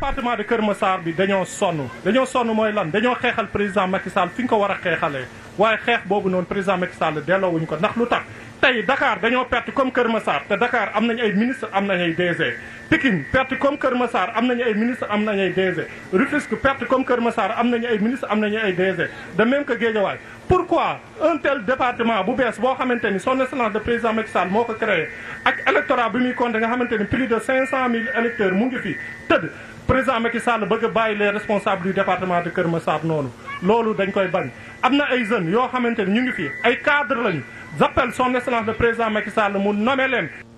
département de Kër Massar bi dañoo sonn dañoo sonn mooy lan dañoo xeexal président Macky Sall fi ñu ko war a xeexalee waaye xeex boobu noonu président Macky Sall delloowuñu ko ndax lu tax tey dakaar dañoo perte comme Kër Massar te dakaar am nañu ay ministre am nañu ay DG Pikine perte comme Kër Massar am nañu ay ministre am nañu ay DG Rufisque perte comme Kër Massar am nañu ay ministre am nañu ay DG de même que Guédiawaye pourquoi un tel département bu bees boo xamante ni son excellence de président Macky Sall moo ko créé ak électorat bi muy compté nga xamante ni plus de 500000 électeurs mu ngi fi tëdd président Macky Sall bëgg a bàyyi les responsables du département de Kër Massar noonu loolu dañ koy bañ am na ay jeunes yoo xamante ni ñu ngi fi ay cadre lañu j'appelle son excellence le président Macky Sall mu nommé leen